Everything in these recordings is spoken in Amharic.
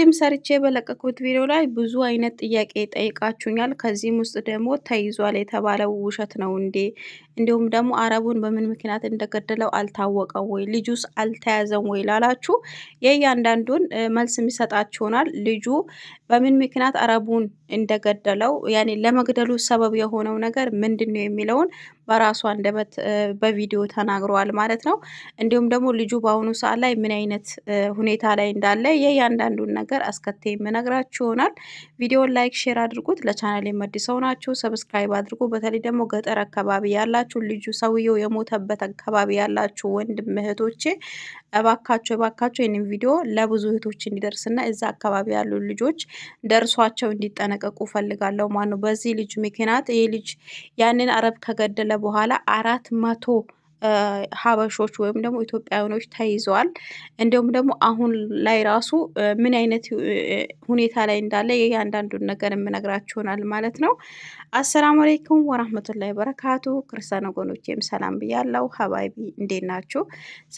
ቅድም ሰርቼ በለቀኩት ቪዲዮ ላይ ብዙ አይነት ጥያቄ ጠይቃችሁኛል። ከዚህም ውስጥ ደግሞ ተይዟል የተባለው ውሸት ነው እንዴ? እንዲሁም ደግሞ አረቡን በምን ምክንያት እንደገደለው አልታወቀም ወይ? ልጁስ አልተያዘም ወይ ላላችሁ የእያንዳንዱን መልስ የሚሰጣችሁናል። ልጁ በምን ምክንያት አረቡን እንደገደለው ያኔ ለመግደሉ ሰበብ የሆነው ነገር ምንድን ነው የሚለውን በራሱ አንደበት በቪዲዮ ተናግረዋል ማለት ነው። እንዲሁም ደግሞ ልጁ በአሁኑ ሰዓት ላይ ምን አይነት ሁኔታ ላይ እንዳለ የእያንዳንዱን ነገር አስከቴ የምነግራችሁ ይሆናል። ቪዲዮን ላይክ፣ ሼር አድርጉት። ለቻናል ሰው ናችሁ ሰብስክራይብ አድርጉ። በተለይ ደግሞ ገጠር አካባቢ ያላችሁ ልጁ ሰውየው የሞተበት አካባቢ ያላችሁ ወንድም እህቶቼ እባካቸው እባካቸው ይህንን ቪዲዮ ለብዙ እህቶች እንዲደርስና እዛ አካባቢ ያሉ ልጆች ደርሷቸው እንዲጠነቀቁ ፈልጋለሁ ማለት ነው። በዚህ ልጅ ምክንያት ይህ ልጅ ያንን አረብ ከገደለ በኋላ አራት መቶ ሀበሾች ወይም ደግሞ ኢትዮጵያውያኖች ተይዘዋል። እንዲሁም ደግሞ አሁን ላይ ራሱ ምን አይነት ሁኔታ ላይ እንዳለ የእያንዳንዱን ነገር የምነግራችሁናል ማለት ነው። አሰላሙ አሌይኩም ወራህመቱላይ በረካቱ። ክርስቲያን ወገኖቼም ሰላም ብያለው። ሀባይቢ እንዴት ናችሁ?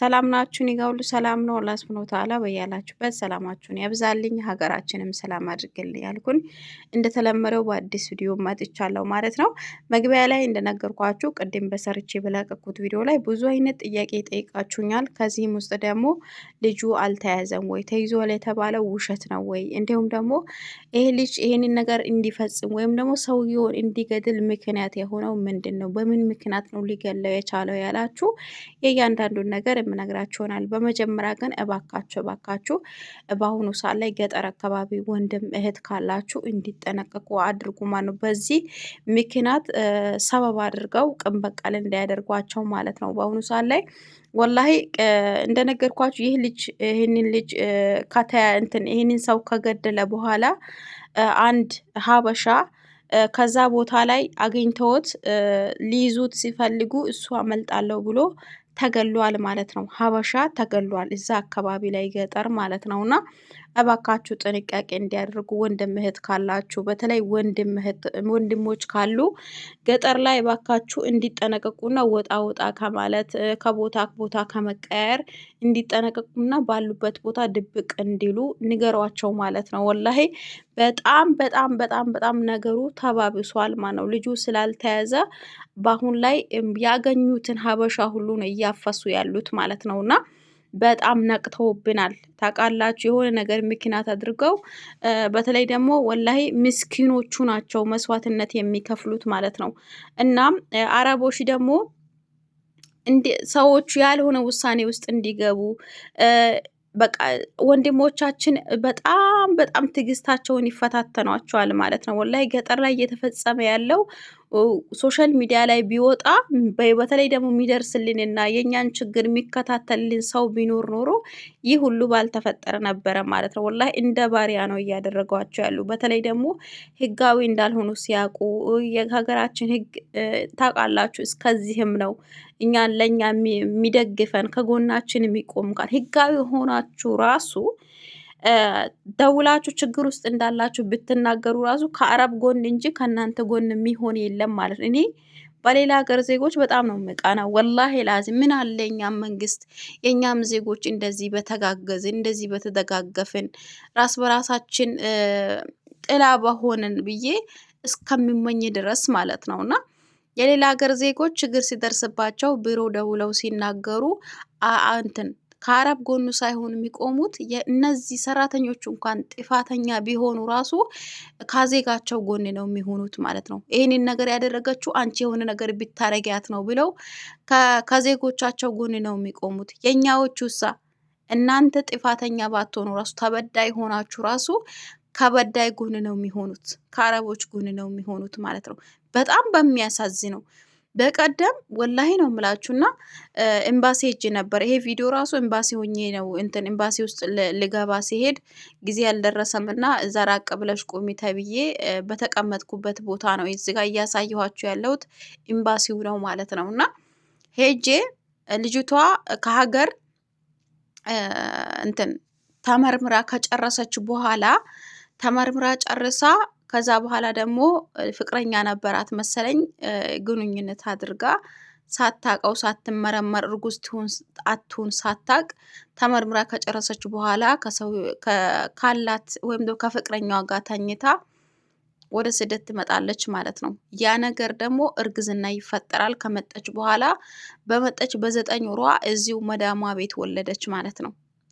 ሰላም ናችሁን? ይጋውሉ ሰላም ነው። አላህ ሱብሃነሁ ወተዓላ በያላችሁበት ሰላማችሁን ያብዛልኝ፣ ሀገራችንም ሰላም አድርግል ያልኩን እንደተለመደው በአዲስ ቪዲዮ መጥቻለሁ ማለት ነው። መግቢያ ላይ እንደነገርኳችሁ ቅድም በሰርቼ በለቀኩት ቪዲዮ ላይ ላይ ብዙ አይነት ጥያቄ ጠይቃችሁኛል ከዚህም ውስጥ ደግሞ ልጁ አልተያዘም ወይ ተይዟል የተባለው ውሸት ነው ወይ እንዲሁም ደግሞ ይሄ ልጅ ይሄንን ነገር እንዲፈጽም ወይም ደግሞ ሰውየውን እንዲገድል ምክንያት የሆነው ምንድን ነው? በምን ምክንያት ነው ሊገለው የቻለው ያላችሁ የእያንዳንዱን ነገር የምነግራችሁ በመጀመሪያ ግን እባካችሁ እባካችሁ በአሁኑ ሰዓት ላይ ገጠር አካባቢ ወንድም እህት ካላችሁ እንዲጠነቀቁ አድርጉ። ማነው በዚህ ምክንያት ሰበብ አድርገው ቅን በቀል እንዳያደርጓቸው ማለት ነው በአሁኑ ሰዓት ላይ ወላሂ እንደነገርኳችሁ ይህ ልጅ ይህንን ልጅ ከተያ እንትን ይህንን ሰው ከገደለ በኋላ አንድ ሀበሻ ከዛ ቦታ ላይ አግኝተውት ሊይዙት ሲፈልጉ እሱ አመልጣለሁ ብሎ ተገሏል ማለት ነው። ሀበሻ ተገሏል እዛ አካባቢ ላይ ገጠር ማለት ነው። እና እባካችሁ ጥንቃቄ እንዲያደርጉ ወንድም እህት ካላችሁ፣ በተለይ ወንድሞች ካሉ ገጠር ላይ እባካችሁ እንዲጠነቀቁና ወጣ ወጣ ከማለት ከቦታ ቦታ ከመቀየር እንዲጠነቀቁና ባሉበት ቦታ ድብቅ እንዲሉ ንገሯቸው ማለት ነው። ወላሄ በጣም በጣም በጣም በጣም ነገሩ ተባብሷል ማለት ነው። ልጁ ስላልተያዘ በአሁን ላይ ያገኙትን ሀበሻ ሁሉ ነው እያፈሱ ያሉት ማለት ነው እና በጣም ነቅተውብናል። ታውቃላችሁ፣ የሆነ ነገር ምክንያት አድርገው በተለይ ደግሞ ወላሂ ምስኪኖቹ ናቸው መስዋዕትነት የሚከፍሉት ማለት ነው። እናም አረቦች ደግሞ ሰዎቹ ያልሆነ ውሳኔ ውስጥ እንዲገቡ በቃ ወንድሞቻችን በጣም በጣም በጣም ትዕግስታቸውን ይፈታተኗቸዋል ማለት ነው። ወላይ ገጠር ላይ እየተፈጸመ ያለው ሶሻል ሚዲያ ላይ ቢወጣ በተለይ ደግሞ የሚደርስልንና የእኛን ችግር የሚከታተልልን ሰው ቢኖር ኖሮ ይህ ሁሉ ባልተፈጠረ ነበረ ማለት ነው። ወላሂ እንደ ባሪያ ነው እያደረጓቸው ያሉ። በተለይ ደግሞ ህጋዊ እንዳልሆኑ ሲያውቁ የሀገራችን ህግ ታውቃላችሁ፣ እስከዚህም ነው እኛን ለእኛ የሚደግፈን ከጎናችን የሚቆም ቃል ህጋዊ ሆናችሁ ራሱ ደውላችሁ ችግር ውስጥ እንዳላችሁ ብትናገሩ ራሱ ከአረብ ጎን እንጂ ከእናንተ ጎን የሚሆን የለም ማለት ነው። እኔ በሌላ ሀገር ዜጎች በጣም ነው ምቃና ወላሂ ላዚ ምን አለ የኛም መንግስት የእኛም ዜጎች እንደዚህ በተጋገዝን እንደዚህ በተደጋገፍን ራስ በራሳችን ጥላ በሆንን ብዬ እስከሚመኝ ድረስ ማለት ነው እና የሌላ ሀገር ዜጎች ችግር ሲደርስባቸው ቢሮ ደውለው ሲናገሩ እንትን ከአረብ ጎኑ ሳይሆን የሚቆሙት እነዚህ ሰራተኞቹ እንኳን ጥፋተኛ ቢሆኑ ራሱ ከዜጋቸው ጎን ነው የሚሆኑት ማለት ነው። ይህንን ነገር ያደረገችው አንቺ የሆነ ነገር ብታረጊያት ነው ብለው ከዜጎቻቸው ጎን ነው የሚቆሙት። የእኛዎቹሳ እናንተ ጥፋተኛ ባትሆኑ ራሱ ተበዳይ ሆናችሁ ራሱ ከበዳይ ጎን ነው የሚሆኑት፣ ከአረቦች ጎን ነው የሚሆኑት ማለት ነው። በጣም በሚያሳዝነው በቀደም ወላሂ ነው የምላችሁና ኤምባሲ ሄጅ ነበር። ይሄ ቪዲዮ ራሱ ኤምባሲ ሆኜ ነው እንትን ኤምባሲ ውስጥ ልገባ ሲሄድ ጊዜ ያልደረሰም እና እዛ ራቅ ብለሽ ቁሚ ተብዬ በተቀመጥኩበት ቦታ ነው እዚህ ጋር እያሳየኋችሁ ያለሁት ኤምባሲው ነው ማለት ነው። እና ሄጄ ልጅቷ ከሀገር እንትን ተመርምራ ከጨረሰች በኋላ ተመርምራ ጨርሳ ከዛ በኋላ ደግሞ ፍቅረኛ ነበራት መሰለኝ ግንኙነት አድርጋ ሳታቀው ሳትመረመር እርጉዝ አትሁን ሳታቅ ተመርምራ ከጨረሰች በኋላ ካላት ወይም ደግሞ ከፍቅረኛዋ ጋር ተኝታ ወደ ስደት ትመጣለች ማለት ነው። ያ ነገር ደግሞ እርግዝና ይፈጠራል። ከመጠች በኋላ በመጠች በዘጠኝ ወሯ እዚሁ መዳሟ ቤት ወለደች ማለት ነው።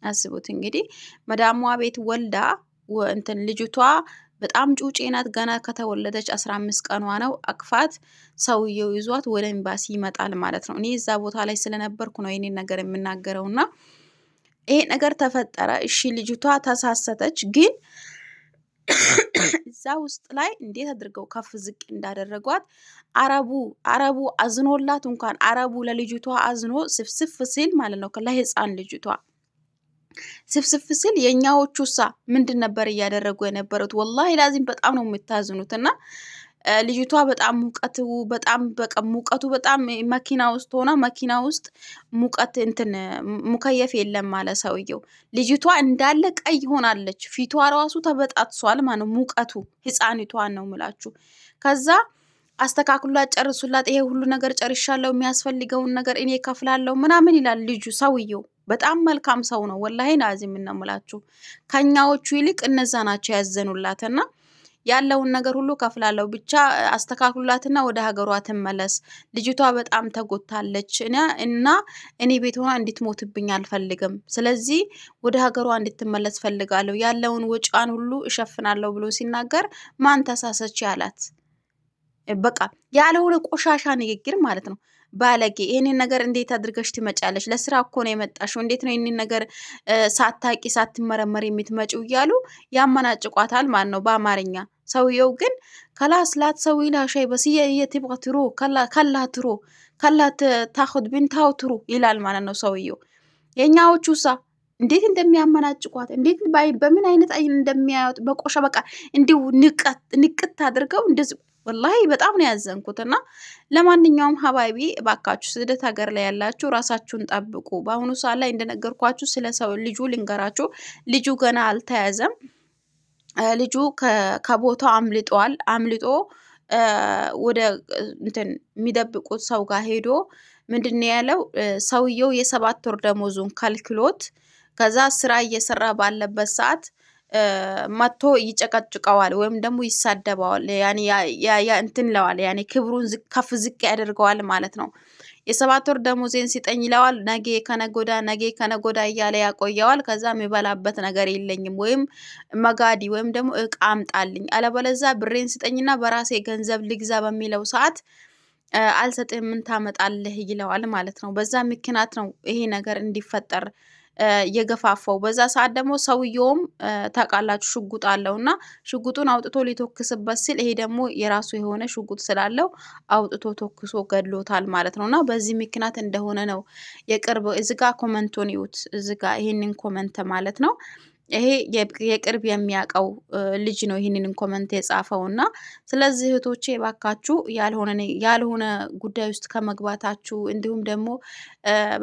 አስቡት እንግዲህ መዳሟ ቤት ወልዳ እንትን ልጅቷ በጣም ጩጬ ናት። ገና ከተወለደች 15 ቀኗ ነው። አቅፋት ሰውየው ይዟት ወደ ኤምባሲ ይመጣል ማለት ነው። እኔ እዛ ቦታ ላይ ስለነበርኩ ነው ይህንን ነገር የምናገረውና ይሄ ነገር ተፈጠረ። እሺ ልጅቷ ተሳሰተች፣ ግን እዛ ውስጥ ላይ እንዴት አድርገው ከፍ ዝቅ እንዳደረጓት አረቡ አረቡ አዝኖላት እንኳን አረቡ ለልጅቷ አዝኖ ስፍስፍ ሲል ማለት ነው ለህፃን ልጅቷ ስፍስፍ ስል ሳ ምንድን ነበር እያደረጉ የነበሩት? ወላሂ ላዚም በጣም ነው የምታዝኑት። እና ልጅቷ በጣም ሙቀት በጣም በቃ ሙቀቱ በጣም መኪና ውስጥ ሆና መኪና ውስጥ ሙቀት እንትን ሙከየፍ የለም ማለ ሰውየው። ልጅቷ እንዳለ ቀይ ሆናለች፣ ፊቷ ራሱ ተበጣጥሷል ማለት ነው ሙቀቱ። ህፃኒቷን ነው ምላችሁ ከዛ አስተካክሉላት ጨርሱላት። ይሄ ሁሉ ነገር ጨርሻለሁ፣ የሚያስፈልገውን ነገር እኔ ከፍላለሁ ምናምን ይላል ልጁ ሰውየው። በጣም መልካም ሰው ነው። ወላሂ ናዚ እናምላችሁ ከኛዎቹ ይልቅ እነዛ ናቸው ያዘኑላትና ያለውን ነገር ሁሉ ከፍላለሁ ብቻ አስተካክሉላትና ወደ ሀገሯ ትመለስ። ልጅቷ በጣም ተጎታለች እና እኔ ቤት ሆና እንድትሞትብኝ አልፈልግም። ስለዚህ ወደ ሀገሯ እንድትመለስ ፈልጋለሁ፣ ያለውን ወጪዋን ሁሉ እሸፍናለሁ ብሎ ሲናገር ማን ተሳሰች ያላት? በቃ ያለውን ቆሻሻ ንግግር ማለት ነው። ባለጌ፣ ይህንን ነገር እንዴት አድርገሽ ትመጫለሽ? ለስራ እኮ ነው የመጣሽው። እንዴት ነው ይህንን ነገር ሳታቂ ሳትመረመር የምትመጪው? እያሉ ያመናጭቋታል ማለት ነው በአማርኛ። ሰውየው ግን ከላስ ላትሰዊ ላሻይ በስየ የትባ ትሮ ከላ ትሮ ከላ ታሁድ ብንታው ትሩ ይላል ማለት ነው ሰውየው። የእኛዎቹ ሳ እንዴት እንደሚያመናጭቋት እንዴት በምን አይነት አይን እንደሚያወጥ በቆሻ በቃ እንዲሁ ንቅት አድርገው እንደዚህ ወላሂ በጣም ነው ያዘንኩት። እና ለማንኛውም ሀባይቢ እባካችሁ ስደት ሀገር ላይ ያላችሁ ራሳችሁን ጠብቁ። በአሁኑ ሰዓት ላይ እንደነገርኳችሁ ስለ ሰው ልጁ ልንገራችሁ። ልጁ ገና አልተያዘም። ልጁ ከቦታው አምልጧል። አምልጦ ወደ እንትን የሚደብቁት ሰው ጋር ሄዶ ምንድን ነው ያለው ሰውየው የሰባት ወር ደሞዙን ከልክሎት ከዛ ስራ እየሰራ ባለበት ሰዓት መጥቶ ይጨቀጭቀዋል ወይም ደግሞ ይሳደበዋል። እንትን ለዋል ያኔ ክብሩን ከፍ ዝቅ ያደርገዋል ማለት ነው። የሰባት ወር ደሞዜን ሲጠኝ ይለዋል። ነጌ ከነጎዳ ነጌ ከነጎዳ እያለ ያቆየዋል። ከዛ የሚበላበት ነገር የለኝም ወይም መጋዲ ወይም ደግሞ እቃ አምጣልኝ፣ አለበለዛ ብሬን ስጠኝና በራሴ ገንዘብ ልግዛ በሚለው ሰዓት አልሰጥም ምን ታመጣለህ ይለዋል ማለት ነው። በዛ ምክንያት ነው ይሄ ነገር እንዲፈጠር የገፋፋው። በዛ ሰዓት ደግሞ ሰውየውም ታውቃላችሁ ሽጉጥ አለው እና ሽጉጡን አውጥቶ ሊተኩስበት ሲል ይሄ ደግሞ የራሱ የሆነ ሽጉጥ ስላለው አውጥቶ ተኩሶ ገድሎታል ማለት ነው። እና በዚህ ምክንያት እንደሆነ ነው የቅርብ እዚጋ ኮመንቶን ይዩት። እዚጋ ይሄንን ኮመንት ማለት ነው ይሄ የቅርብ የሚያውቀው ልጅ ነው ይህንን ኮመንት የጻፈው እና ስለዚህ እህቶቼ ባካችሁ ያልሆነ ጉዳይ ውስጥ ከመግባታችሁ እንዲሁም ደግሞ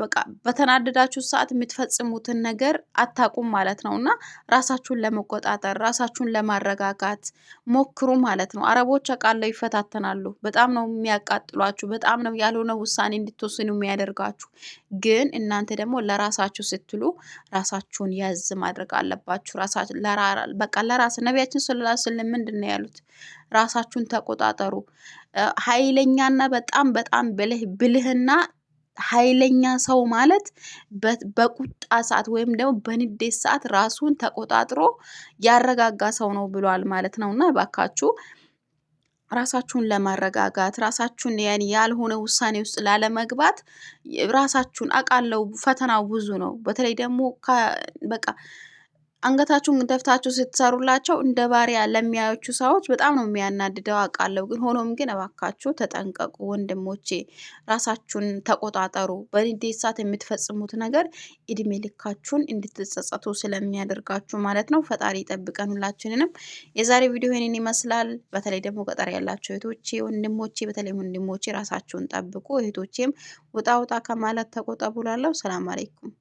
በቃ በተናደዳችሁ ሰዓት የምትፈጽሙትን ነገር አታቁም ማለት ነው እና ራሳችሁን ለመቆጣጠር ራሳችሁን ለማረጋጋት ሞክሩ ማለት ነው። አረቦች አውቃለሁ ይፈታተናሉ። በጣም ነው የሚያቃጥሏችሁ። በጣም ነው ያልሆነ ውሳኔ እንድትወስኑ የሚያደርጋችሁ። ግን እናንተ ደግሞ ለራሳችሁ ስትሉ ራሳችሁን ያዝ ማድረግ አለ አለባችሁ። በቃ ለራስ ነቢያችን ስላ ስል ወሰለም ምንድን ነው ያሉት? ራሳችሁን ተቆጣጠሩ። ኃይለኛና በጣም በጣም ብልህ ብልህና ኃይለኛ ሰው ማለት በቁጣ ሰዓት ወይም ደግሞ በንዴት ሰዓት ራሱን ተቆጣጥሮ ያረጋጋ ሰው ነው ብሏል ማለት ነው። እና እባካችሁ ራሳችሁን ለማረጋጋት ራሳችሁን ያን ያልሆነ ውሳኔ ውስጥ ላለመግባት ራሳችሁን አውቃለሁ፣ ፈተናው ብዙ ነው። በተለይ ደግሞ በቃ አንገታችሁን ደፍታችሁ ስትሰሩላቸው እንደ ባሪያ ለሚያዩችሁ ሰዎች በጣም ነው የሚያናድደው አውቃለሁ። ግን ሆኖም ግን እባካችሁ ተጠንቀቁ ወንድሞቼ፣ ራሳችሁን ተቆጣጠሩ። በንዴት ሰዓት የምትፈጽሙት ነገር እድሜ ልካችሁን እንድትጸጸቱ ስለሚያደርጋችሁ ማለት ነው። ፈጣሪ ይጠብቀን ሁላችንንም። የዛሬ ቪዲዮ ይህንን ይመስላል። በተለይ ደግሞ ቀጠር ያላቸው እህቶቼ፣ ወንድሞቼ፣ በተለይ ወንድሞቼ ራሳችሁን ጠብቁ። እህቶቼም ውጣ ውጣ ከማለት ተቆጠቡላለሁ። ሰላም አለይኩም